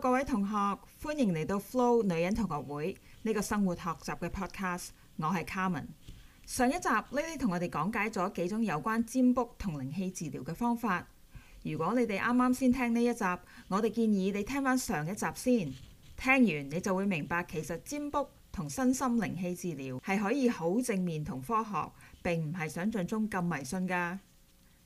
各位同學，歡迎嚟到 Flo 女人同學會呢個生活學習嘅 podcast，我係 Carmen。上一集 LayLay 同我哋講解咗幾種有關占卜同靈氣治療嘅方法。如果你哋啱啱先聽呢一集，我哋建議你聽翻上一集先。聽完你就會明白，其實占卜同身心靈氣治療係可以好正面同科學，並唔係想象中咁迷信噶。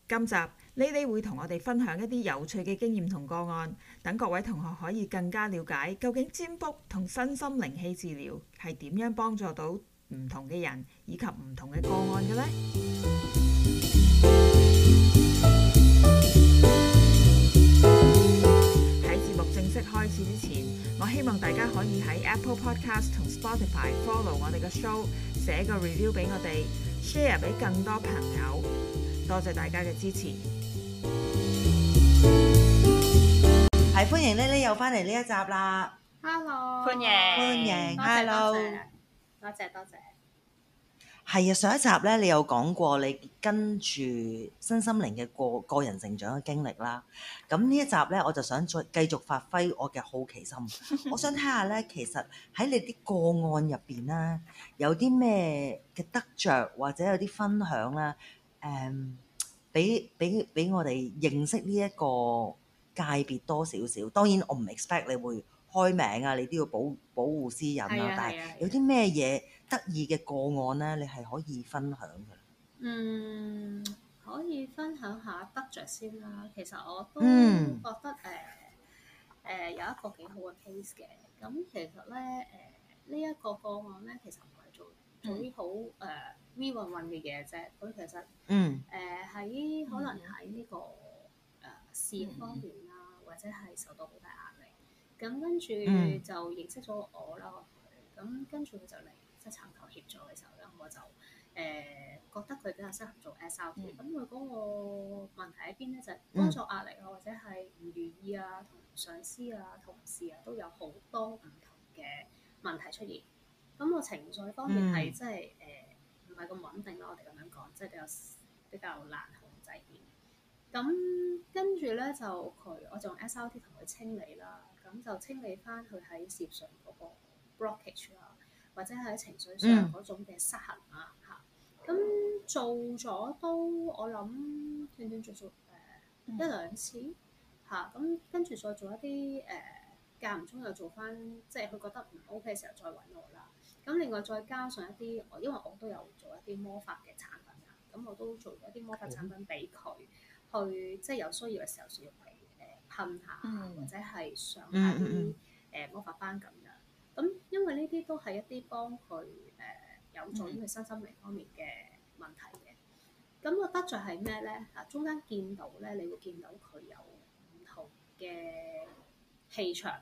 今集，你哋會同我哋分享一啲有趣嘅經驗同個案，等各位同學可以更加了解，究竟占卜同身心靈氣治療係點樣幫助到唔同嘅人，以及唔同嘅個案嘅呢？喺 節目正式開始之前，我希望大家可以喺 Apple Podcast 同 Spotify follow 我哋嘅 show，寫個 review 俾我哋，share 俾更多朋友。多謝大家嘅支持。係歡迎呢。你又翻嚟呢一集啦，Hello，歡迎，歡迎，Hello，多謝多謝，係啊 Hello，上一集呢，你有講過你跟住身心靈嘅個個人成長嘅經歷啦，咁呢一集呢，我就想再繼續發揮我嘅好奇心， 我想睇下呢，其實喺你啲個案入邊呢，有啲咩嘅得着或者有啲分享啦。Um, 俾俾俾我哋認識呢一個界別多少少，當然我唔 expect 你會開名啊，你都要保保護私隱啦、啊。的但係有啲咩嘢得意嘅個案咧，你係可以分享噶？嗯，可以分享下得着先啦。其實我都覺得誒誒、嗯呃、有一個幾好嘅 case 嘅。咁其實咧誒呢一、呃這個個案咧，其實唔係做做啲好誒。V 運運嘅嘢啫，咁其實誒喺、嗯呃、可能喺呢、這個誒、呃、事業方面啦，嗯、或者係受到好大壓力，咁跟住就認識咗我啦。咁跟住佢就嚟即係尋求協助嘅時候咧，我就誒、呃、覺得佢比較適合做 SRT、嗯。咁佢嗰個問題喺邊咧，就是、工作壓力啊，嗯、或者係唔願意啊，同上司啊、同事啊都有好多唔同嘅問題出現。咁個情緒方面係即係誒。嗯唔係咁穩定咯，我哋咁樣講，即係比較比較難控制啲。咁跟住咧就佢，我就用 SRT 同佢清理啦。咁就清理翻佢喺事業上嗰個 blockage 啦，或者喺情緒上嗰種嘅失衡啊嚇。咁、mm. 做咗都我諗斷斷續續誒一兩次嚇。咁、哦 mm. 跟住再做一啲誒間唔中就做翻，即係佢覺得唔 OK 嘅時候再搵我啦。咁另外再加上一啲，我因為我都有做一啲魔法嘅產品啊，咁我都做一啲魔法產品俾佢、嗯、去，即係有需要嘅時候需用嚟誒噴下，或者係上下啲誒魔法班咁樣。咁因為呢啲都係一啲幫佢誒有助於身心靈方面嘅問題嘅。咁個得益係咩咧？啊，中間見到咧，你會見到佢有唔同嘅氣場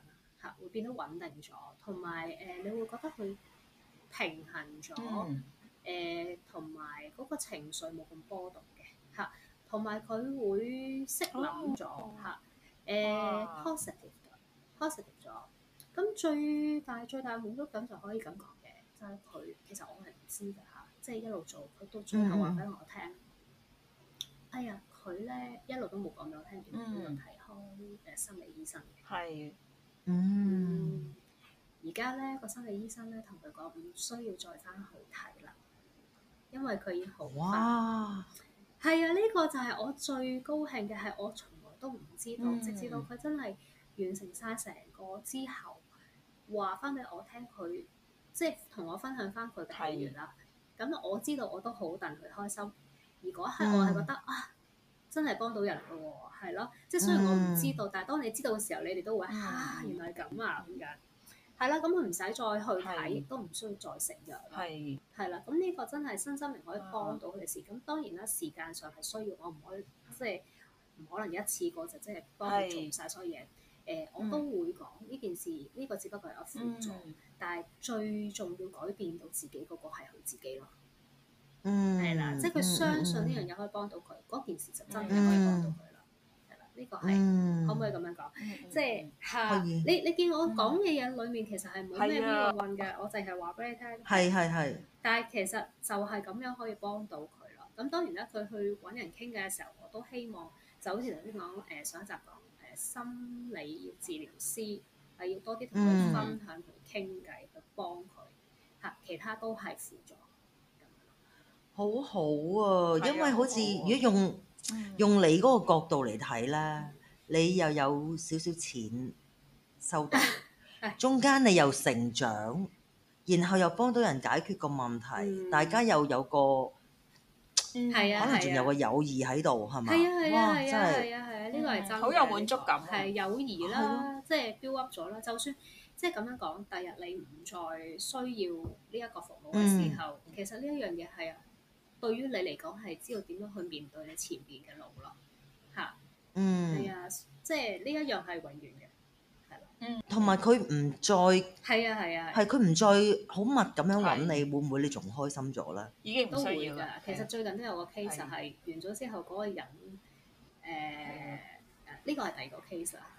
嚇、啊，會變得穩定咗，同埋誒，你會覺得佢。平衡咗，誒同埋嗰個情緒冇咁波動嘅，嚇、啊，同埋佢會識諗咗，嚇、哦，誒 positive，positive 咗。咁、啊、最大最大滿足感就可以咁講嘅，就係佢其實我係唔知嘅嚇，即係一路做，佢到最後話俾我聽、嗯，哎呀佢咧一路都冇講俾我聽點解要睇開誒心理醫生嘅。係，嗯。是嗯嗯而家咧個心理醫生咧同佢講唔需要再翻去睇啦，因為佢已經好翻。係哇啊，呢、這個就係我最高興嘅係，我從來都唔知道，嗯、直至到佢真係完成晒成個之後話翻俾我聽，佢即係同我分享翻佢嘅體驗啦。咁、啊嗯、我知道我都好戥佢開心，而嗰一刻我係覺得、嗯、啊，真係幫到人嘅喎，係咯、啊。即係雖然我唔知道，嗯、但係當你知道嘅時候，你哋都會啊，原來係咁啊咁樣。係啦，咁佢唔使再去睇，亦都唔需要再食藥。係，係啦，咁呢個真係身心靈可以幫到佢嘅事。咁當然啦，時間上係需要我唔可以，即係唔可能一次過就即係幫佢做晒所有嘢。誒，我都會講呢件事，呢個只不過係我輔助，但係最重要改變到自己嗰個係佢自己咯。嗯，係啦，即係佢相信呢樣嘢可以幫到佢，嗰件事就真係可以幫到佢。呢個係、嗯、可唔可以咁樣講？嗯、即係嚇，以你你見我講嘅嘢裏面其實係冇咩陰陽運嘅，啊、我淨係話俾你聽。係係係。但係其實就係咁樣可以幫到佢咯。咁當然啦，佢去揾人傾嘅時候，我都希望就好似頭先講誒上一集講誒、呃、心理治療師係要多啲同佢分享同佢傾偈去幫佢嚇，其他都係輔助。咁樣咯。好好啊，因為好似、嗯、如果用。用你嗰個角度嚟睇啦，你又有少少錢收到，中間你又成長，然後又幫到人解決個問題，大家又有個，係啊，可能仲有個友誼喺度，係咪？係啊係啊係啊係啊，呢個係真嘅，好有滿足感。係友誼啦，即係 build up 咗啦。就算即係咁樣講，第日你唔再需要呢一個服務嘅時候，其實呢一樣嘢係啊。對於你嚟講係知道點樣去面對你前面嘅路啦，嚇，嗯，係啊，即係呢一樣係永遠嘅，係咯，嗯，同埋佢唔再，係啊係啊，係佢唔再好密咁樣揾你，會唔會你仲開心咗咧？已經唔需要啦。其實最近都有個 case 就係完咗之後嗰個人，誒誒，呢個係第二個 case 啊，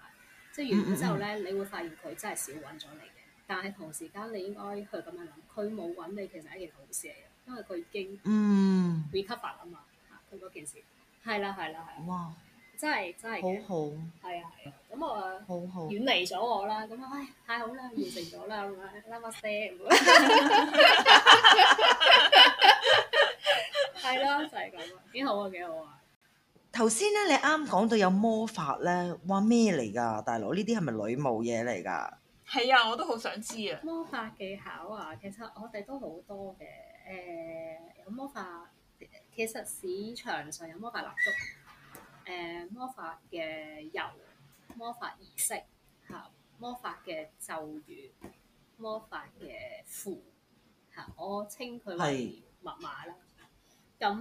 即係完咗之後咧，你會發現佢真係少揾咗你嘅，但係同時間你應該去咁樣諗，佢冇揾你其實係一件好事嚟嘅。因為佢已經 recover 啊嘛，嚇佢嗰件事係啦係啦係，哇！ 真係真係好好，係啊係啊，咁 我好好遠離咗我啦，咁啊唉，太好啦，完成咗啦咁樣啦，乜聲？係咯， 就係咁，幾好啊幾好啊！頭先咧，你啱講到有魔法咧，話咩嚟㗎？大佬呢啲係咪女巫嘢嚟㗎？係啊， 我都好想知啊！魔法技巧啊，其實我哋都好多嘅。誒、呃、有魔法，其實市場上有魔法蠟燭，誒、呃、魔法嘅油，魔法儀式嚇、啊，魔法嘅咒語，魔法嘅符嚇、啊，我稱佢為密碼啦。咁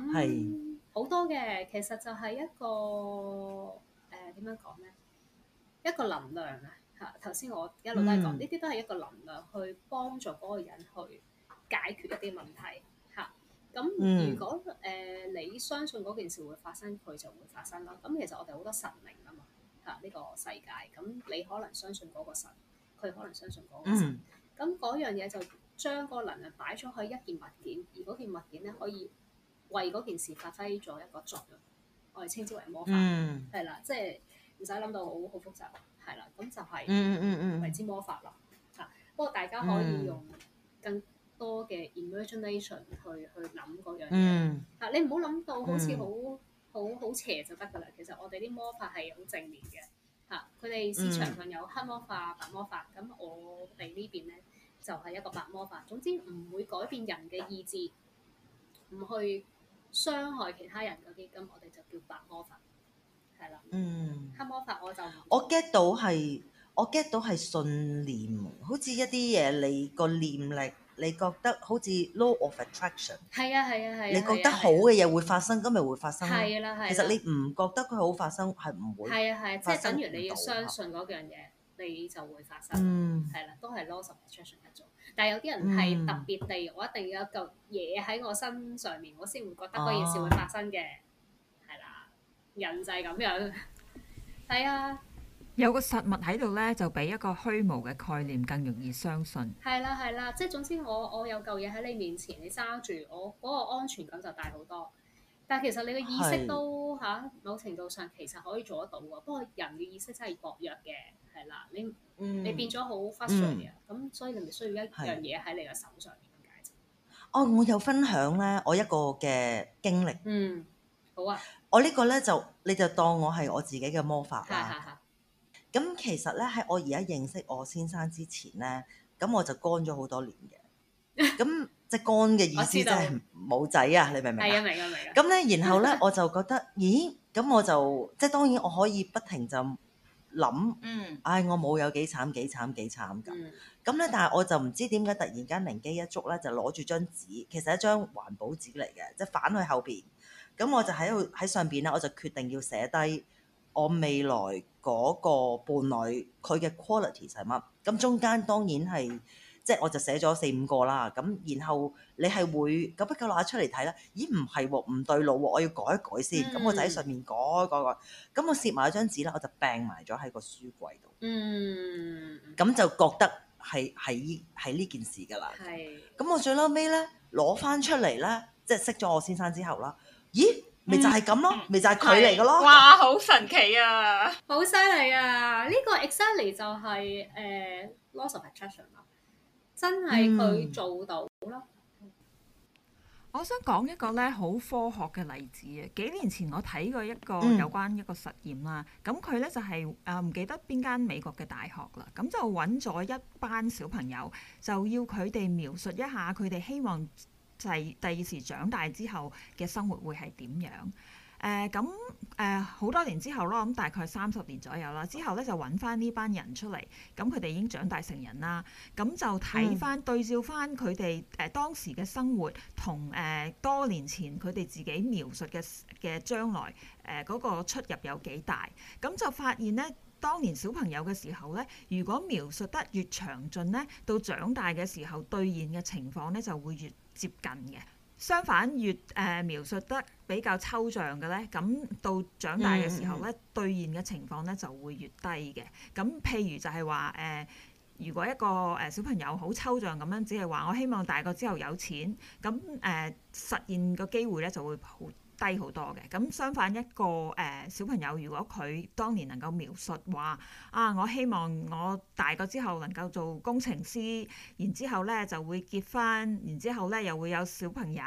好多嘅其實就係一個誒點、啊、樣講咧？一個能量啊嚇，頭先我一路、嗯、都係講呢啲都係一個能量去幫助嗰個人去。解決一啲問題嚇咁。啊、如果誒、嗯呃、你相信嗰件事會發生，佢就會發生咯。咁其實我哋好多神明啊嘛嚇，呢個世界咁，你可能相信嗰個神，佢可能相信嗰個神咁嗰、嗯啊、樣嘢就將個能量擺咗去一件物件，而嗰件物件咧可以為嗰件事發揮咗一個作用。我哋稱之為魔法係啦、嗯，即係唔使諗到好好複雜係啦。咁就係嗯為之魔法啦嚇、啊。不過大家可以用更。多嘅 imagination 去去諗嗰樣嘢，嗯啊、你唔好諗到好似，嗯、好好好邪就得㗎喇。其實我哋啲魔法係好正面嘅嚇。啊、佢哋市場上有黑魔法、白魔法，咁我哋呢邊咧就係、是，一個白魔法。總之唔會改變人嘅意志，唔去傷害其他人嗰啲，咁我哋就叫白魔法係啦。嗯，黑魔法我就我 get 到係我 get 到係信念，好似一啲嘢你個念力。你覺得好似 law of attraction，係啊係啊係啊，你覺得好嘅嘢會發生，今日 會發生，係啦係。 其實你唔覺得佢好發生係唔會，係啊係，即 係樂、就是、等於你要相信嗰樣嘢，你就會發生，嗯，係 啦樂，都係 law of attraction 一種。但係有啲人係特別地，我一定要有嚿嘢喺我身上面，我先會覺得嗰件事會發生嘅，係啦， 人就係咁樣，係 啊。 有個實物喺度咧，就比一個虛無嘅概念更容易相信。係啦係啦，即係總之，我我有舊嘢喺你面前，你揸住我嗰個安全感就大好多。但係其實你嘅意識都吓，某程度上其實可以做得到噶。不過人嘅意識真係薄弱嘅，係啦，你你變咗好忽上嘅，咁，所以你咪需要一樣嘢喺你嘅手上面解啫。哦，我有分享咧，我一個嘅經歷。嗯，好啊。我呢個咧，就你就當我係我自己嘅魔法啊。咁其實咧，喺我而家認識我先生之前咧，咁我就乾咗好多年嘅。咁即乾嘅意思即係冇仔啊， 你明唔明？係啊，明啊，明啊。咁咧，然後咧，我就覺得， 咦？咁我就即係當然我可以不停就諗，嗯，唉，我冇有幾慘，幾慘，幾慘咁。咁咧， 但係我就唔知點解突然間靈機一觸咧，就攞住張紙，其實一張環保紙嚟嘅，即係反去後邊。咁我就喺度喺上邊咧，我就決定要寫低。我未來嗰個伴侶佢嘅 q u a l i t y e 係乜？咁中間當然係即係我就寫咗四五個啦。咁然後你係會夠不夠攞出嚟睇啦，咦，唔係喎，唔、啊、對路喎、啊，我要改一改先。咁、嗯、我就喺上面改改改。咁我摺埋一張紙啦，我就並埋咗喺個書櫃度。嗯。咁就覺得係係依係呢件事㗎啦。係是。咁我最嬲尾咧攞翻出嚟咧，即係識咗我先生之後啦。咦？咪就係咁咯，咪就係佢嚟嘅咯。哇，好神奇啊，好犀利啊！呢個 exactly 就係誒 laws of attraction 咯，真係佢做到咯。我想講一個咧好科學嘅例子啊！幾年前我睇過一個有關一個實驗啦，咁佢咧就係誒唔記得邊間美國嘅大學啦，咁就揾咗一班小朋友，就要佢哋描述一下佢哋希望，就係第二次長大之後嘅生活會係點樣？誒咁誒，好、呃、多年之後咯，咁大概三十年左右啦。之後咧就揾翻呢班人出嚟，咁佢哋已經長大成人啦。咁就睇翻、嗯、對照翻佢哋誒當時嘅生活同誒、呃、多年前佢哋自己描述嘅嘅將來誒嗰、呃嗰個出入有幾大？咁就發現呢，當年小朋友嘅時候呢，如果描述得越詳盡呢，到長大嘅時候兌現嘅情況呢就會越接近嘅，相反越誒、呃、描述得比較抽象嘅咧，咁到長大嘅時候咧，兌、mm hmm. 現嘅情況咧就會越低嘅。咁譬如就係話誒，如果一個誒小朋友好抽象咁樣，只係話我希望大個之後有錢，咁誒、呃、實現個機會咧就會好低好多嘅，咁相反一個誒、呃、小朋友，如果佢當年能夠描述話啊，我希望我大個之後能夠做工程師，然之後咧就會結婚，然之後咧又會有小朋友，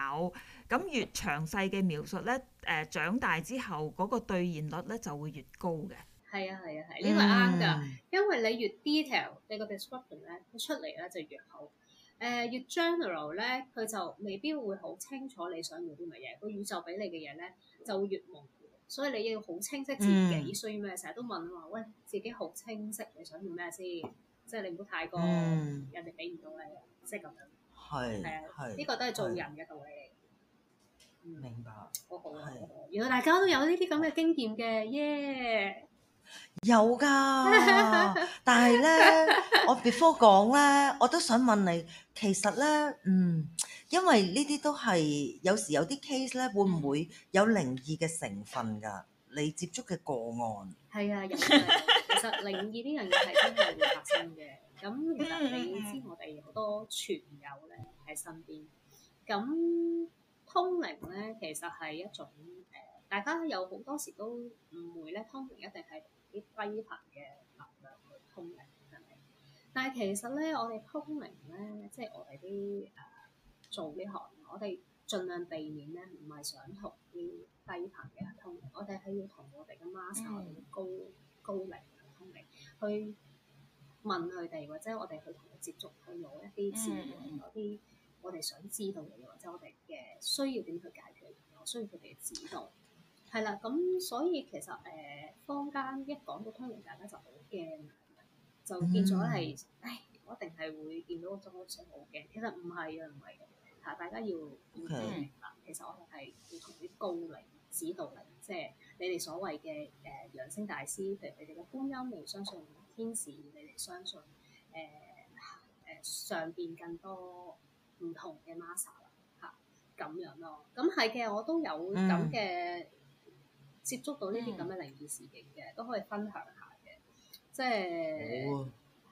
咁越詳細嘅描述咧，誒、呃、長大之後嗰、那個兌現率咧就會越高嘅。係啊係啊係，呢個啱㗎，因為，嗯、因為你越 detail 你個 description 咧出嚟咧就越好。誒、uh, 越 general 咧，佢就未必會好清楚你想要啲乜嘢。個宇宙俾你嘅嘢咧就會越模糊，所以你要好清晰自己、嗯、需要咩，成日都問啊嘛。喂，自己好清晰你想要咩先，即係你唔好太過、嗯、人哋俾唔到你，即係咁樣係係呢個都係做人嘅道理嚟。嗯、明白，好好。原來是大家都有呢啲咁嘅經驗嘅，耶、yeah!！ 有噶，但係咧，我 before 講咧，我都想問你，其實咧，嗯，因為呢啲都係有時有啲 case 咧，會唔會有靈異嘅成分噶？你接觸嘅個案係 啊有，其實靈異呢樣嘢係真係會發生嘅。咁其實你知我哋好多傳友咧喺身邊，咁通靈咧，其實係一種誒、呃，大家有好多時都誤會咧，通靈一定係。啲低頻嘅能量去通靈，係咪？但係其實咧，我哋通靈咧，即係我哋啲誒做呢行，我哋盡量避免咧，唔係想同啲低頻嘅人通靈，我哋係要同我哋嘅 master、嗯、我哋嘅高高靈嘅通靈去問佢哋，或者我哋去同佢接觸，去攞一啲資料，攞啲、嗯、我哋想知道嘅嘢，或者我哋嘅需要點去解決嘅嘢，我需要佢哋嘅指導。係啦，咁所以其實誒，坊、呃、間一講到通靈，大家就好驚，就變咗係唉，我一定係會見到周屋主好驚。其實唔係啊，唔係嘅嚇，大家要要明白，Okay. 其實我係係要同啲高靈指導靈，即、就、係、是、你哋所謂嘅誒揚昇大師，譬如你哋嘅觀音靈，相信天使，你哋相信誒誒、呃呃、上邊更多唔同嘅 master 啦、啊、嚇，咁樣咯。咁係嘅，我都有咁嘅。嗯接觸到呢啲咁嘅靈異事件嘅，嗯、都可以分享下嘅，即係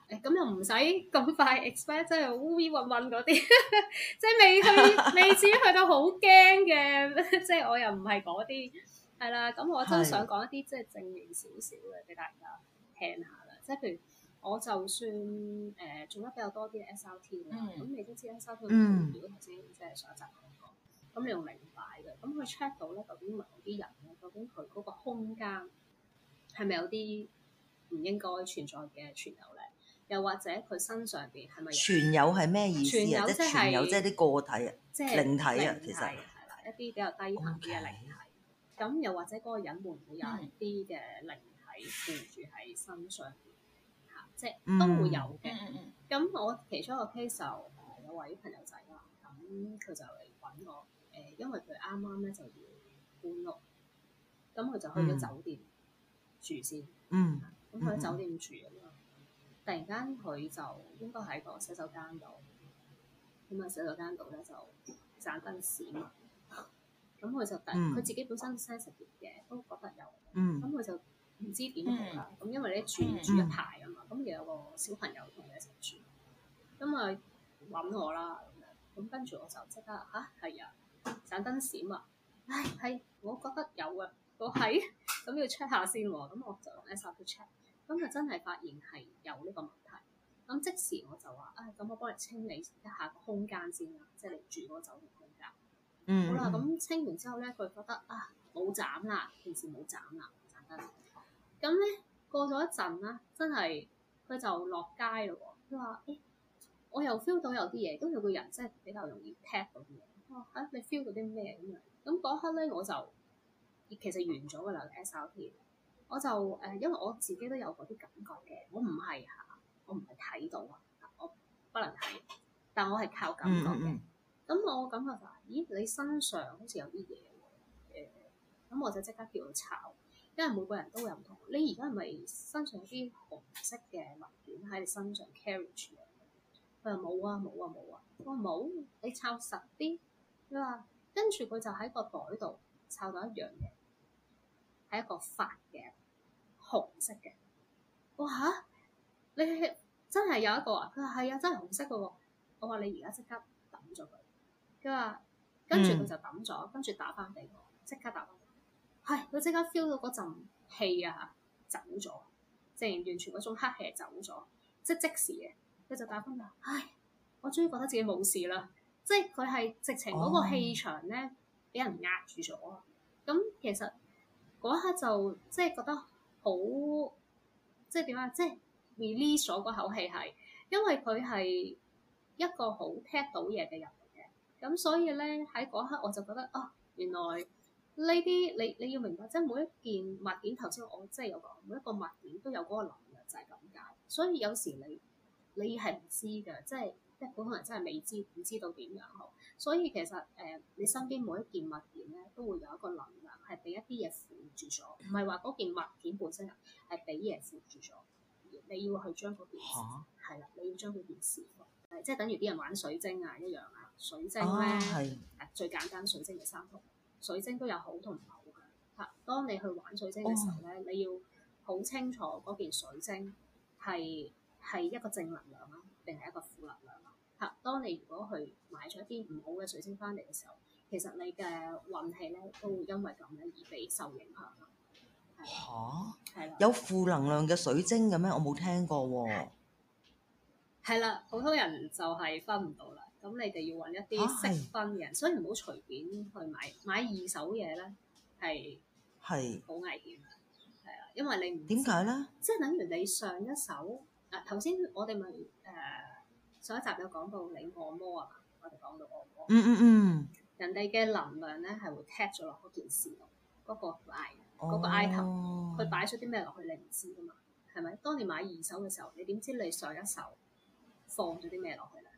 誒咁又唔使咁快 expect 即係烏烏鬍鬍嗰啲，即係 未去 未至於去到好驚嘅，即係我又唔係嗰啲，係啦，咁我真係想講一啲即係正面少少嘅俾大家聽下啦，即係譬如我就算誒、呃、做得比較多啲 SRT 啦，咁你都知 SRT 係做咩先，即係上一集。咁你要明白嘅，咁佢 check 到咧究竟某啲人咧，究竟佢嗰個空間，係咪有啲唔應該存在嘅存有咧？又或者佢身上邊，係咪存有係咩意思啊？即係存有即係啲個體啊，即係是靈體啊，其實，係啦，一啲比較低頻啲嘅靈體。咁 Okay. 又或者個個人會唔會有啲嘅靈體附住喺身上邊？吓、嗯，即係都會有嘅。咁、嗯、我其中一個 case 就有位朋友仔啦，咁佢就嚟揾我。因為佢啱啱咧就要搬屋，咁佢就去咗酒店住先。嗯。咁佢喺酒店住啊嘛，突然間佢就應該喺個洗手間度，喺個洗手間度咧就盞燈閃，咁佢就突佢自己本身識食嘢，都覺得有。嗯。咁佢就唔知點好啦，咁因為咧住住一排啊嘛，咁又有個小朋友同你一齊住，咁佢揾我啦咁樣，咁跟住我就即刻嚇係啊！ス 1 workshop unlike 2006 盞燈閃啊！唉，係、哎，我覺得有啊，我係咁 要 check 下先喎。咁我就用 S R 去 check，咁啊真係發現係有呢個問題。咁即時我就話：，啊、哎，咁我幫你清理一下個空間先啦，即係你住嗰酒店空間。Mm hmm. 好啦，咁清完之後咧，佢覺得啊冇斬啦，平時冇斬啦，盞燈。咁咧過咗一陣啦，真係佢就落街咯喎。佢話：，誒、哎，我又 feel 到有啲嘢，都有個人真係比較容易 tap 到啲嘢。哦、oh, 啊，你 feel 到啲咩咁樣？咁嗰刻咧，我就其實完咗㗎啦。SRT 我就誒、呃，因為我自己都有嗰啲感覺嘅，我唔係嚇，我唔係睇到啊，我不能睇，但我係靠感覺嘅。咁 我感覺就咦，你身上好似有啲嘢喎。誒、欸，咁我就即刻叫佢抄，因為每個人都會唔同。你而家係咪身上有啲紅色嘅物件喺你身上 carry 住？佢話冇啊，冇啊，冇啊。我話冇，你抄實啲。佢話：跟住佢就喺個袋度摷到一樣嘢，係一個發嘅紅色嘅。哇！你真係有一個啊？佢話係啊，真係紅色嗰個、哦。我話你而家即刻抌咗佢。佢話：跟住佢就抌咗，跟住打翻俾我，即刻打翻。係，佢即刻 feel 到嗰陣氣啊，走咗，即完全嗰種黑氣走咗，即即時嘅。佢就打翻嚟，唉，我終於覺得自己冇事啦。即係佢係直情嗰個氣場咧，俾、oh. 人壓住咗。咁其實嗰刻就即係覺得好，即係點啊？即係 release 咗個口氣係，因為佢係一個好 tap 到嘢嘅人嘅。咁所以咧，喺嗰刻我就覺得哦，原來呢啲你你要明白，即係每一件物件，頭先我即係有講，每一個物件都有嗰個能量，就係咁解。所以有時你你係唔知嘅，即係。即係普通人真係未知唔知道點樣好，所以其實誒、呃，你身邊每一件物件咧，都會有一個能量係俾一啲嘢附住咗，唔係話嗰件物件本身係俾嘢附住咗。你要去將嗰件事係啦、啊，你要將嗰件事誒，即、就、係、是、等於啲人玩水晶啊一樣啊，水晶咧誒、啊、最簡單水晶嘅三種，水晶都有好同唔好嘅㗎。當你去玩水晶嘅時候咧，啊、你要好清楚嗰件水晶係。係一個正能量啊，定係一個負能量啊？嚇！當你如果去買咗一啲唔好嘅水晶翻嚟嘅時候，其實你嘅運氣咧都會因為咁樣而被受影響咯。嚇！係有負能量嘅水晶嘅咩？我冇聽過喎。係啦，普通人就係分唔到啦。咁你哋要揾一啲識分嘅人，所以唔好隨便去買買二手嘢咧。係係好危險，係啊，因為你唔點解咧？即係等於你上一手。頭先我哋咪誒上一集有講到你按摩啊嘛，我哋講到按摩。嗯嗯嗯。嗯，人哋嘅能量咧係會踢咗落嗰件事度，嗰、嗰個 i 嗰、哦、個 item，佢擺咗啲咩落去你唔知噶嘛，係咪？當你買二手嘅時候，你點知你上一手放咗啲咩落去咧？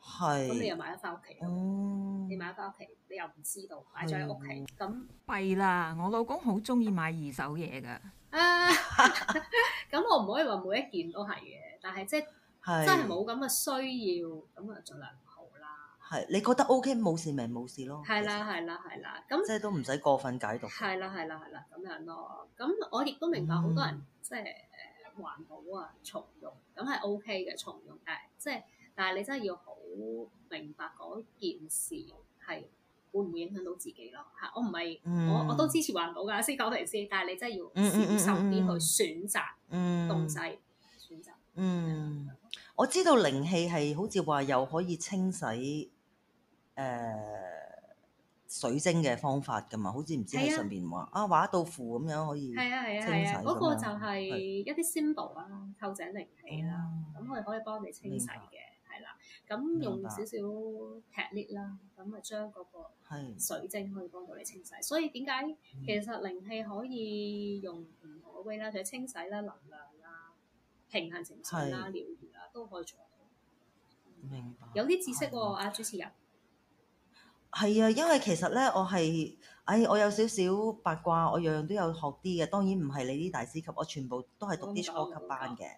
係是。咁你又買咗翻屋企，哦、你買咗翻屋企，你又唔知道擺咗喺屋企，咁弊啦！我老公好中意買二手嘢噶。啊，咁 我唔可以話每一件都係嘅，但係即係真係冇咁嘅需要，咁啊盡量唔好啦。係你覺得 OK，冇事咪冇事咯。係啦係啦係啦，咁實即係都唔使過分解讀。係啦係啦係啦，咁樣咯。咁我亦都明白好多人、嗯、即係誒環保啊，重用咁係 OK 嘅重用，但係即係但係你真係要好明白嗰件事係。會唔會影響到自己咯？嚇！我唔係，我我都支持環保㗎，先講嚟先。但係你真係要小心啲去選擇東西。選擇。嗯，我知道靈氣係好似話又可以清洗誒水晶嘅方法㗎嘛？好似唔知喺上邊話啊畫一道符咁樣可以。係啊係啊係啊！嗰個就係一啲 symbol 啊，臼井靈氣啦，咁佢可以幫你清洗嘅。咁用少少踢裂啦，咁咪將嗰個水晶可以幫到你清洗。是所以點解，嗯、其實靈氣可以用唔同嘅位啦，就清洗啦、能量啦、平衡情緒啦、療愈啊，都可以做到。明白。有啲知識喎，啊，阿的、啊、主持人。係啊，因為其實咧，我係唉，我有少少八卦，我樣樣都有學啲嘅。當然唔係你啲大師級，我全部都係讀啲初級班嘅。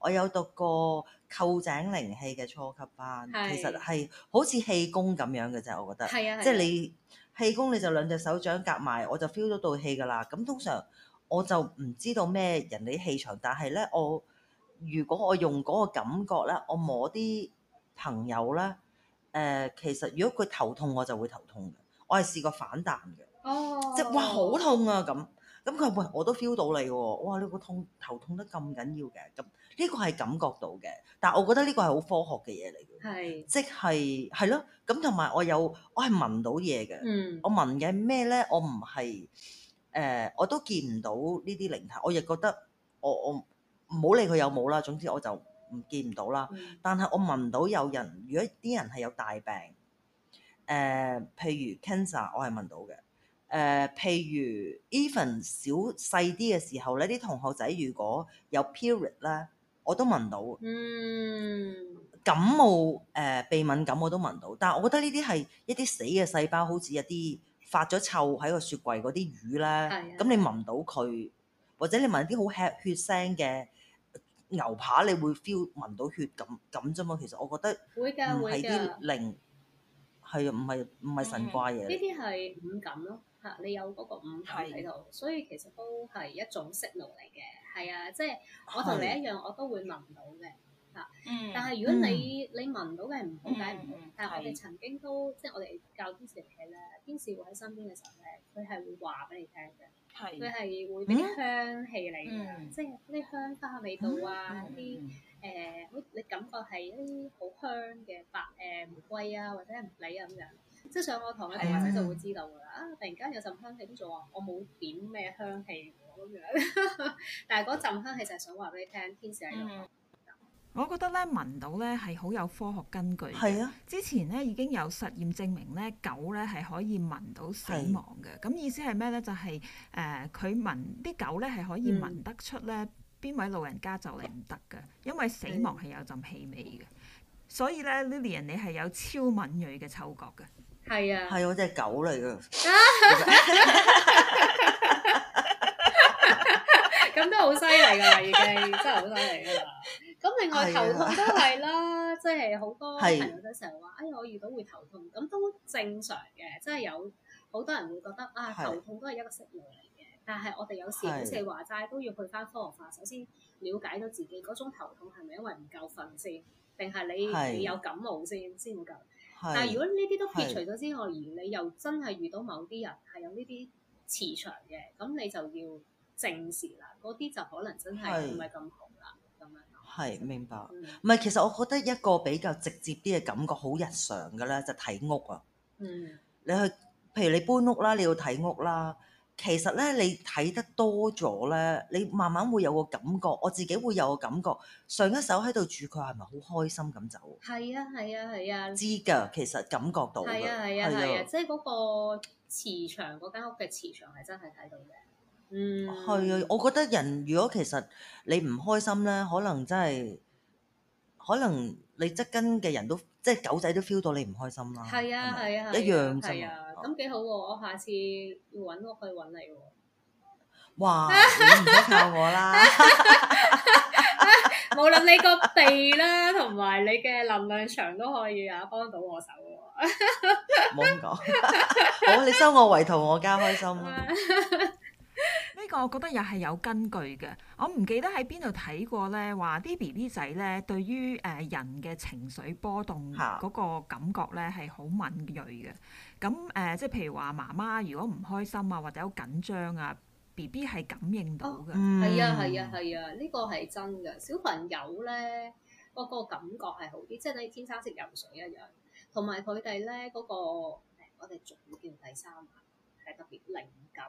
我有讀過。臼井靈氣嘅初級班，是其實係好似氣功咁樣嘅啫，我覺得。係啊，即係、啊、你氣功，你就兩隻手掌夾埋，我就 feel 到道氣噶啦。咁通常我就唔知道咩人哋氣場，但係咧，我如果我用嗰個感覺咧，我摸啲朋友咧，誒、呃，其實如果佢頭痛，我就會頭痛嘅。我係試過反彈嘅，即係、哦就是、哇好痛啊咁。咁佢話喂，我都 feel 到你喎，哇你個痛頭痛得咁緊要嘅咁。呢個係感覺到嘅，但係我覺得呢個係好科學嘅嘢嚟嘅，是即係係咯。咁同埋我有我係聞到嘢嘅、嗯。我聞嘅係咩咧？我唔係誒，我都見唔到呢啲靈體。我亦覺得我我唔好理佢有冇啦。總之我就唔見唔到啦。嗯、但係我聞到有人，如果啲人係有大病誒、呃，譬如 cancer，我係聞到嘅誒、呃。譬如 even 小細啲嘅時候咧，啲同學仔如果有 period 咧。我都聞到，嗯，感冒誒、呃、鼻敏感我都聞到，但係我覺得呢啲係一啲死嘅細胞，好似一啲發咗臭喺個雪櫃嗰啲魚咧，咁的、嗯、你聞到佢，或者你聞啲好吃血腥嘅牛扒，你會 feel 聞到血感感啫嘛。其實我覺得會的，唔係啲靈，係的、嗯、啊，唔係唔係神怪嘢。呢啲係五感咯，嚇你有嗰個五感喺度，的所以其實都係一種識路嚟嘅。係啊，嗯、即係我同你一樣，我都會聞到嘅嚇。但係如果你、嗯、你聞到嘅係唔好解唔好，嗯、但係我哋曾經都即係我哋教天使嘅時候咧，天使喺身邊嘅時候咧，佢係會話俾你聽嘅。係。佢係會俾啲香氣嚟嘅，嗯、即係啲香花味道啊，啲誒好你感覺係一啲好香嘅白誒玫瑰啊，或者係茉莉啊咁樣。即係上堂你我堂嘅同學仔就會知道㗎啦、嗯啊。啊，突然間有陣香氣，邊座啊？我冇點咩香氣。咁樣， 但係嗰陣香其實想話俾你聽，天使喺度。嗯、我覺得咧，聞到咧係好有科學根據嘅。是啊，之前咧已經有實驗證明咧，狗咧係可以聞到死亡嘅。咁是、啊、意思係咩咧？就係、是、誒，佢、呃、聞啲狗咧係可以聞得出咧，邊位老人家就嚟唔得嘅，因為死亡係有陣氣味嘅。所以咧 Lillian 你係有超敏鋭嘅嗅覺嘅。係是啊隻，係我隻狗嚟㗎。都好犀利㗎啦，已經真係好犀利㗎啦。咁另外頭痛都係啦，即係好多朋友都成日話，哎的，我遇到會頭痛，咁都正常嘅。即係有好多人會覺得啊，頭痛都係一個適應嚟嘅。但係我哋有時好似話齋，都要去翻科學化，首先了解到自己嗰種頭痛係咪因為唔夠瞓先，定係你，的你有感冒先先會㗎。但係如果呢啲都撇除咗之外，的而你又真係遇到某啲人係有呢啲磁場嘅，咁你就要。正事啦，嗰啲就可能真係唔係咁好啦，咁樣。係，明白。唔係其實我覺得一個比較直接啲嘅感覺，好日常㗎咧，就睇屋啊。嗯。你去，譬如你搬屋啦，你要睇屋啦。其實咧，你睇得多咗咧，你慢慢會有個感覺，我自己會有個感覺，上一手喺度住佢係咪好開心咁走？係啊，係啊，係啊。知㗎，其實感覺到。係啊，係啊，係啊，即係嗰個磁場，嗰間屋嘅磁場係真係睇到嘅。嗯，係啊，我覺得人如果其實你唔開心咧，可能真係，可能你側根嘅人都，即係狗仔都 feel 到你唔開心啦。係啊的，係啊的，一樣就。咁幾好喎！我下次要搵我可以搵你喎。哇，你唔得靠我啦。 無論你個地啦，同埋你嘅能量場都可以啊，幫到我手。唔 好咁講，好你收我為徒，我加開心。 呢個我覺得又係有根據嘅，我唔記得喺邊度睇過咧，話啲 B B 仔咧對於誒、呃、人嘅情緒波動嗰個感覺咧係好敏銳嘅。咁誒，即、呃、係譬如話媽媽如果唔開心啊，或者好緊張啊，B B 係感應到嘅。係啊係啊係啊，呢、啊啊啊這個係真嘅。小朋友咧個、那個感覺係好啲，即係咧天生識游水一樣。同埋佢哋咧嗰個，我哋俗語叫第三係特別靈感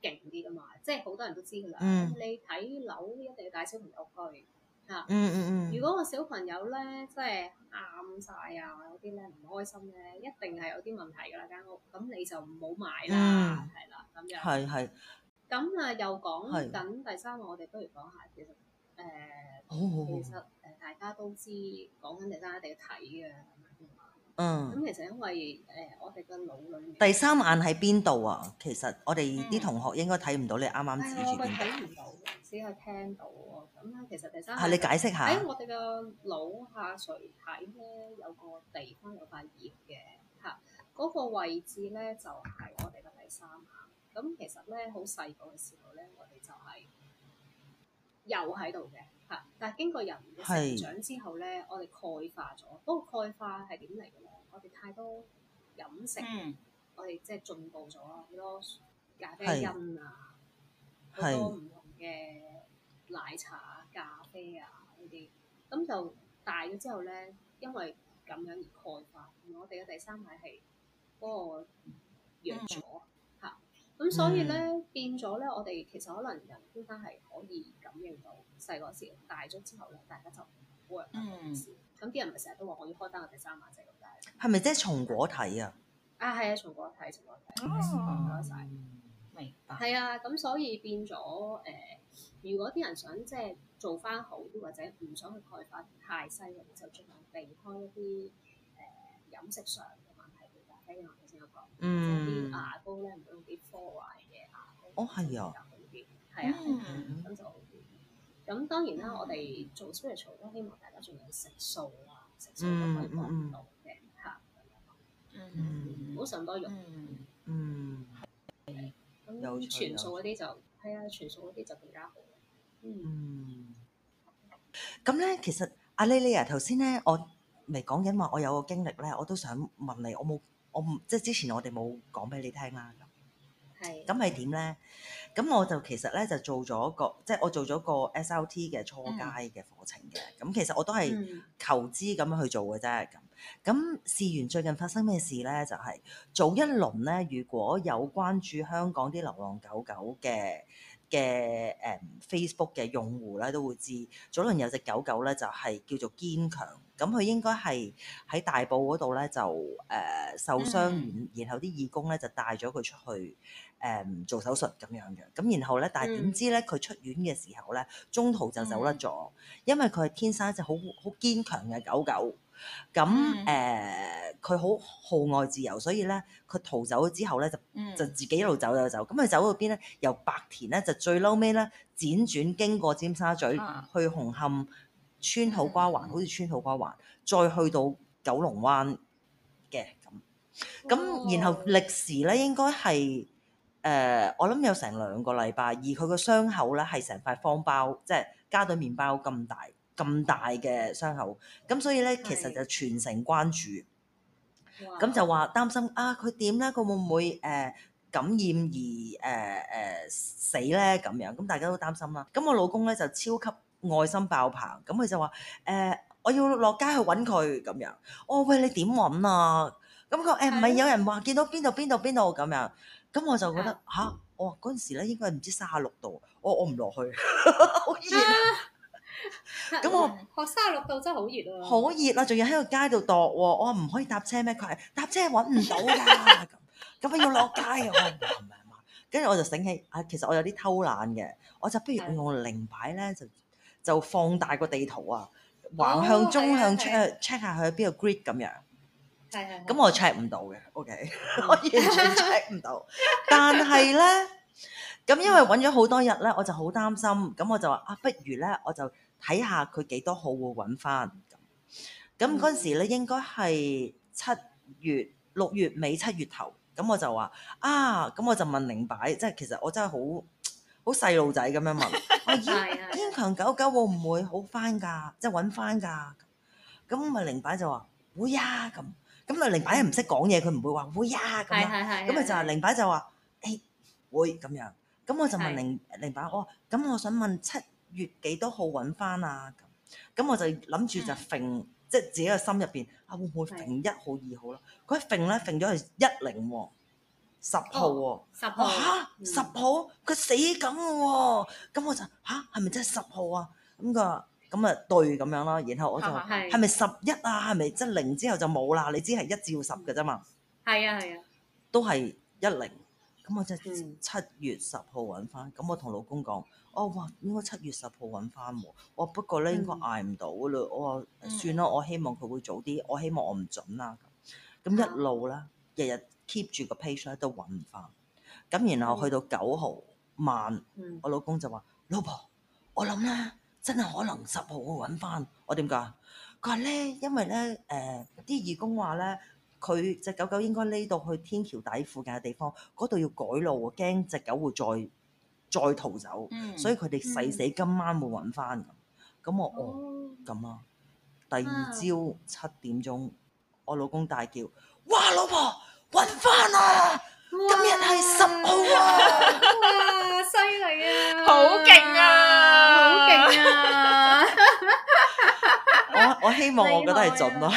勁啲噶嘛，即係好多人都知噶啦。嗯、你睇樓一定要帶小朋友去嚇、嗯。嗯嗯。如果個小朋友咧，即係喊晒啊，有啲咧唔開心咧，一定係有啲問題㗎啦間屋。咁你就唔好買啦，係啦、嗯。咁的又係係的。咁啊，又講緊第三個，我哋不如講下其實誒，其實誒、呃哦、大家都知講緊第三一定要睇嘅。嗯，咁其實因為誒、哎，我哋嘅腦裏，第三眼喺邊度啊？其實我哋啲同學應該睇唔到你啱啱指住邊，睇唔、嗯、到，只係聽到喎。咁、嗯、咧，其實第三眼，係、啊、你解釋下喺、哎、我哋嘅腦下垂體咧，有個地方有塊葉嘅，嚇、啊、嗰、那個位置咧就係、是、我哋嘅第三眼。咁、啊、其實咧，好細個嘅時候咧，我哋就係又喺度嘅。但係經過人嘅成長之後咧是，我哋鈣化咗。不過鈣化係點嚟嘅咧？我哋太多飲食，嗯、我哋即係進步咗好多咖啡因啊，好是多唔同嘅奶茶啊、咖啡啊呢啲，咁就大咗之後咧，因為咁樣而鈣化。我哋嘅第三眼係嗰個弱咗。嗯咁、嗯、所以咧變咗咧，我哋其實可能人依家係可以感應到細個時，大咗之後咧，大家就冇、嗯、人感染。咁啲人咪成日都話我要開單我第三眼仔，咁解？係咪即係松果體啊？啊係啊，松、啊、果體，松果體，晒、啊啊嗯。明白。係啊，咁、嗯、所以變咗誒、呃，如果啲人想即係做翻好啲，或者唔想去開發太犀利，就儘量避開一啲誒、呃呃、飲食上。嗯。牙膏咧，唔會有啲科壞嘅牙膏，哦，係啊，比較，咁就咁。當然啦，我哋做 spiritual 都希望大家仲有食素啊，食素都可以幫到嘅客，咁唔好食多肉，嗯，咁全素嗰啲就係啊，全素嗰啲就更加好，嗯。咁咧，其實阿 LayLay 啊，頭先咧，我未講緊話，我有個經歷咧，我都想問你，我冇。我唔即係之前我哋冇講俾你聽啦，咁是，係，咁係點咧？咁我就其實咧就做咗個，即、就、係、是、我做咗個 SRT 嘅初階嘅課程嘅。咁、嗯、其實我都係求知咁樣去做嘅啫。咁咁事源最近發生咩事咧？就係、是、早一輪咧，如果有關注香港啲流浪狗狗嘅嘅誒 Facebook 嘅用戶咧，都會知早輪有隻狗狗咧就係、是、叫做堅強。咁佢應該係喺大埔嗰度咧就誒、呃、受傷完，嗯、然後啲義工咧就帶咗佢出去。唔做手術咁樣嘅咁，然後咧，但係點知咧，佢出院嘅時候咧，中途就走甩咗。因為佢係天生一隻好好堅強嘅狗狗，咁誒佢好酷愛自由，所以咧佢逃走咗之後咧就就自己一路走走走咁。佢走到邊咧？由白田咧就最嬲尾咧，輾轉經過尖沙咀去紅磡，穿土瓜灣，好似穿土瓜灣，再去到九龍灣嘅咁。咁然後歷時咧，應該係。誒，uh, 我諗有成兩個禮拜，而佢個傷口咧係成塊方包，即係加對麵包咁大咁大嘅傷口。咁所以咧，其實就全城關注，咁哇就話擔心啊，佢點咧？佢會唔會誒、呃、感染而誒誒、呃呃、死咧？咁樣咁大家都擔心啦。咁我老公咧就超級愛心爆棚，咁佢就話誒、呃，我要落街去揾佢咁樣。哦，喂，你點揾啊？咁佢誒唔係有人話見到邊度邊度邊度咁樣。咁我就覺得吓 Yeah.、啊，我嗰陣時咧應該唔知三十六度，我我唔落去，好熱。咁我學三十六度真係好熱啊！Yeah. 我 好熱啦、啊，仲、啊、要喺個街度度喎，我唔可以搭車咩？佢係搭車揾唔到㗎咁，咁我 要落街。啊！跟住我就醒起，啊其實我有啲偷懶嘅，我就不如用靈擺咧，就就放大個地圖啊，橫向、縱向、oh, yes, yes, yes. check check 下佢邊度 grid 咁樣。係咁、嗯嗯、我 check 唔到嘅 ，OK，我完全 check 唔到。 但係咧，咁因為揾咗好多日咧，我就好擔心。咁我就話啊，不如咧，我就睇下佢幾多號會揾翻。咁嗰陣時咧，應該係七月六月尾七月頭。咁我就話啊，咁我就問靈擺，即係其實我真係好好細路仔咁樣問，我堅堅強狗狗會唔會好翻噶？即係揾翻噶？咁咪靈擺就話會啊，咁。咁啊，靈擺又唔識講嘢，佢唔會話會啊咁樣，咁咪就係靈擺就話，誒會咁樣。咁我就問靈靈擺，哦，咁我想問七月幾多號揾返啊？咁，咁我就諗住就揈，即係自己個心入邊啊，會唔會揈一號、二號咯？佢一揈咧，揈咗係一零喎，十號喎，十號吓，十號，佢死緊喎。咁我就吓係咪真係十號啊？咁個。咁啊，對咁樣咯，然後我就係咪十一啊？係咪即零之後就冇啦？你知係一至十嘅啫嘛。係啊係啊，都係一零。咁我就七月十號揾翻，咁、嗯、我同老公講、哦，我話應該七月十號揾翻喎。我不過咧應該捱唔到啦。嗯、我話算啦，嗯、我希望佢會早啲，我希望我唔準啦。咁一路啦，日日 keep 住個 page 都揾唔翻。咁然後去到九號晚，嗯、我老公就話：老婆，我諗啦。真係可能十號會揾翻，我點解？佢話咧，因為咧，誒、呃、啲義工話咧，佢隻狗狗應該匿到去天橋底附近嘅地方，嗰度要改路喎，驚隻狗會再再逃走，嗯、所以佢哋誓死今晚會揾翻。咁、嗯、我哦咁啊、哦，第二朝七點鐘，啊、我老公大叫：哇！老婆揾翻啦！啊、喂今日係十。我我希望我覺得係準咯，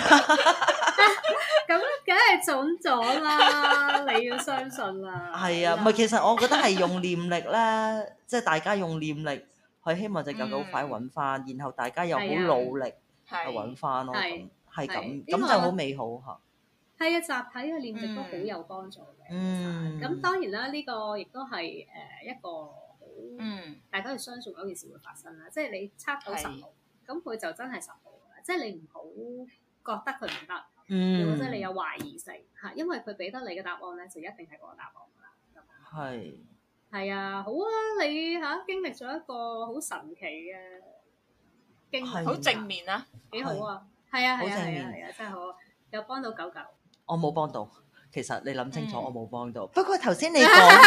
咁梗係準咗啦！你要相信啦，係啊，唔係其實我覺得係用念力咧，即係大家用念力去希望就咁早快揾翻，然後大家又好努力去揾翻咯，係咁咁就好美好嚇。係啊，集體嘅念力都好有幫助嘅。嗯，咁當然啦，呢個亦都係誒一個好，嗯，大家要相信嗰件事會發生啦。即係你測到十號，咁佢就真係十號。即係你唔好覺得佢唔得，或者你有懷疑性吓，因為佢俾得你嘅答案咧，就一定係嗰個答案噶啦。係係啊，好啊，你吓經歷咗一個好神奇嘅經歷，好正面啊，幾好啊，係啊，係啊，係啊，真係好啊，有幫到狗狗。我冇幫到，其實你諗清楚，我冇幫到。不過頭先你講，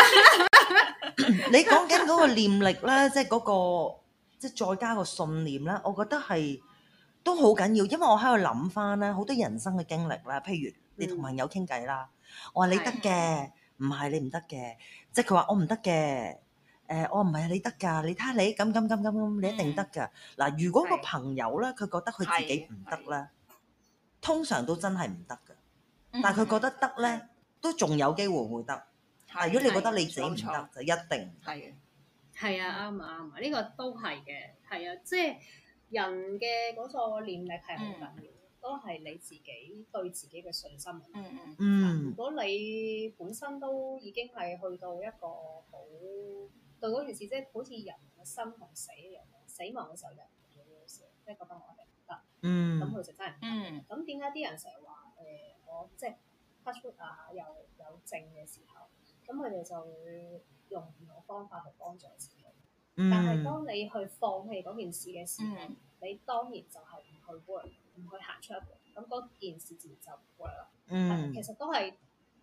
你講緊嗰個念力咧，即係嗰個，即係再加個信念咧，我覺得係。都好緊要，因為我喺度諗翻咧，好多人生嘅經歷啦。譬如你同朋友傾偈啦，我話你得嘅，唔係你唔得嘅。即係佢話我唔得嘅，誒我唔係啊，你得㗎，你睇下你咁咁咁咁咁，你一定得㗎。嗱，如果個朋友咧，佢覺得佢自己唔得咧，通常都真係唔得㗎。但係佢覺得得咧，都仲有機會會得。但係如果你覺得你自己唔得，就一定唔得。係啊，啱唔啱啊？呢個都係嘅。係啊，即係。人嘅嗰個念力係好緊要，mm. 都係你自己對自己嘅信心。嗯嗯嗯。如果你本身都已經係去到一個好對嗰件事，即係好似人嘅心同死一樣，死亡嘅時候人會唔會死？即係覺得我哋唔得。嗯。咁佢就真係唔得。咁點解啲人成日話誒我即係 c u 啊又有證嘅時候，咁佢哋就會用唔同方法去幫助自己？自嗯、但係，當你去放棄嗰件事嘅時候，嗯、你當然就係唔去 work，唔去行出一步，咁嗰件事自然就 work 啦。嗯、其實都係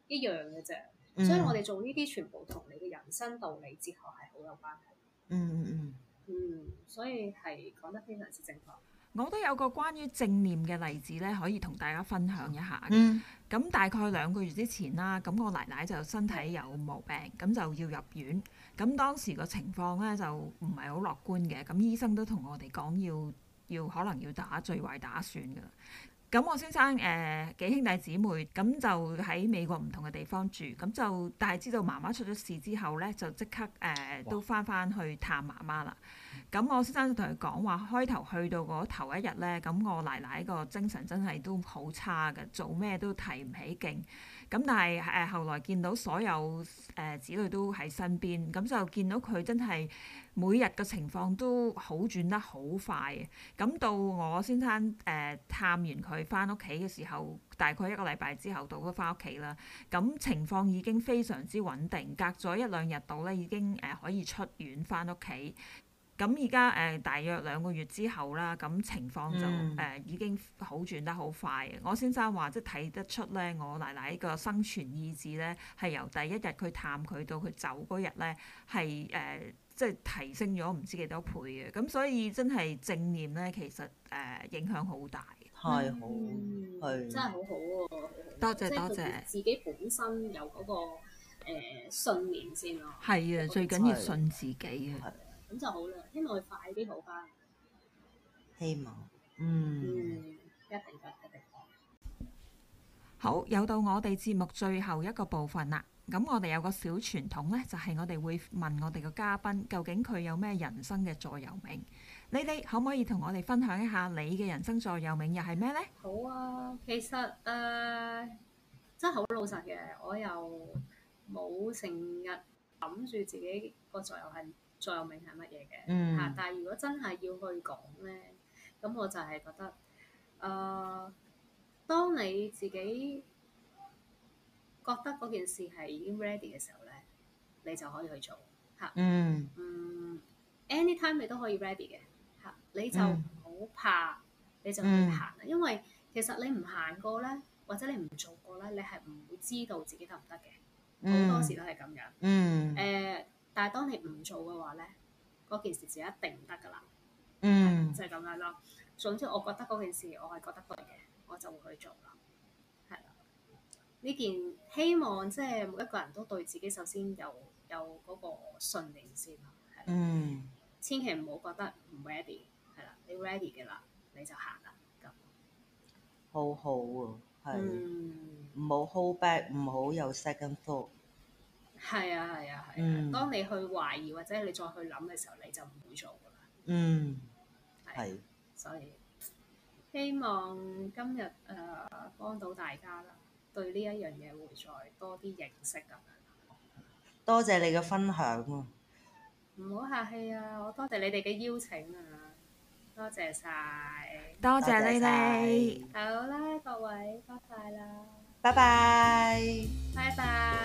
一樣嘅啫，嗯、所以我哋做呢啲全部同你嘅人生道理哲學係好有關係。嗯嗯嗯嗯，所以係講得非常之正確。我都有個關於正面嘅例子咧，可以同大家分享一下。咁、嗯、大概兩個月之前啦，咁我奶奶就身體有毛病，咁就要入院。咁當時個情況咧就唔係好樂觀嘅，咁醫生都同我哋講要要可能要打最壞打算噶啦。咁我先生誒、呃、幾兄弟姊妹，咁就喺美國唔同嘅地方住，咁就但係知道媽媽出咗事之後咧，就即刻誒、呃、都翻翻去探媽媽啦。咁哇我先生就同佢講話，開頭去到嗰頭一日咧，咁我奶奶個精神真係都好差嘅，做咩都提唔起勁。咁但係誒、呃、後來見到所有誒、呃、子女都喺身邊，咁、嗯、就見到佢真係每日嘅情況都好轉得好快。咁、嗯、到我先生誒、呃、探完佢翻屋企嘅時候，大概一個禮拜之後到咗翻屋企啦。咁、嗯、情況已經非常之穩定，隔咗一兩日到咧已經誒可以出院翻屋企。咁而家誒大約兩個月之後啦，咁情況就誒已經好轉得好快。嗯、我先生話即係睇得出咧，我奶奶個生存意志咧係由第一日佢探佢到佢走嗰日咧係誒即係提升咗唔知幾多倍嘅。咁、嗯、所以真係正念咧，其實誒、呃、影響好大，係好係、嗯、是真係好好、哦、喎。多謝多謝自己本身有嗰、那個、呃、信念先咯、哦。係啊，最緊要信自己啊！咁就好啦，希望快啲好翻。希望嗯、嗯，一定一定。好，又到我哋節目最後一個部分啦。咁我哋有個小傳統呢，就係、是、我哋會問我哋個嘉賓，究竟佢有咩人生嘅座右銘？你哋可唔可以同我哋分享一下你嘅人生座右銘又係咩呢？好啊，其實誒、啊、真係好老實嘅，我又冇成日諗住自己個座右銘。座右銘係乜嘢嘅嚇？嗯、但係如果真係要去講咧，咁我就係覺得，誒、呃，當你自己覺得嗰件事係已經 ready 嘅時候咧，你就可以去做嚇。嗯嗯，anytime 你都可以 ready 嘅嚇，你就唔好怕，嗯、你就去行啦。因為其實你唔行過咧，或者你唔做過咧，你係唔會知道自己得唔得嘅。好、嗯、多時都係咁樣嗯。嗯。誒、呃。但係當你唔做嘅話咧，嗰件事就一定唔得㗎啦。嗯，就係、是、咁樣咯。總之我覺得嗰件事我係覺得對嘅，我就會去做啦。係啦，呢件希望即係每一個人都對自己首先有有嗰個信念先。嗯。千祈唔好覺得唔 ready，係啦，你 ready 嘅啦你就行啦咁。好好啊，係。唔好、嗯、hold back，唔好有 second thought。係啊，係啊，係啊！當你去懷疑或者你再去諗嘅時候，你就唔會做噶啦。嗯，係。所以希望今日誒幫到大家啦，對呢一樣嘢會再多啲認識。噉樣多謝你嘅分享啊！唔好客氣啊！我多謝你哋嘅邀請啊！多謝晒，多謝你哋。好啦，各位，拜拜啦！拜拜，拜拜。